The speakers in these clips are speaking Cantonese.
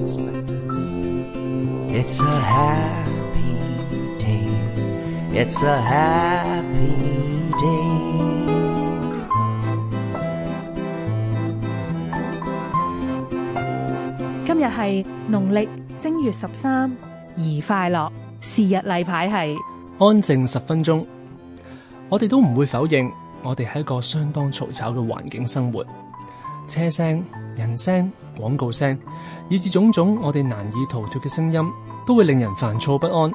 It's a happy day, it's a happy day 今日係農曆正月十三，而快樂是日例牌係安靜十分鐘。我哋都唔會否認，我哋喺一個相當嘈吵嘅環境生活，車聲、人聲。廣告聲，以至種種我哋難以逃脫嘅聲音，都會令人煩躁不安。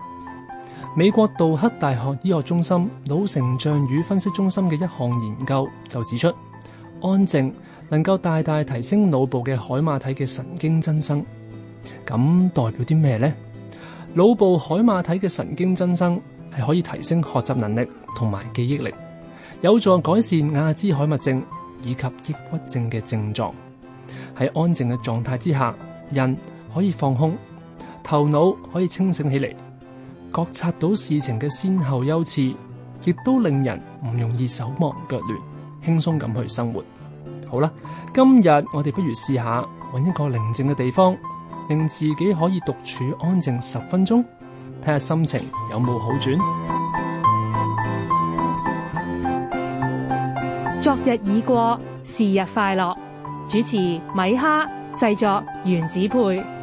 美國杜克大學醫學中心腦成像與分析中心嘅一項研究就指出，安靜能夠大大提升腦部嘅海馬體嘅神經增生。咁代表啲咩呢？腦部海馬體嘅神經增生係可以提升學習能力同埋記憶力，有助改善亞茲海默症以及抑鬱症嘅症狀。喺安靜嘅狀態之下，人可以放空，頭腦可以清醒起嚟，覺察到事情嘅先後優次，亦都令人唔容易手忙腳亂，輕鬆咁去生活。好啦，今日我哋不如試下，搵一個寧靜嘅地方，令自己可以獨處安靜十分鐘，睇下心情有冇好轉？昨日已過，是日快樂。主持米哈，製作原子配。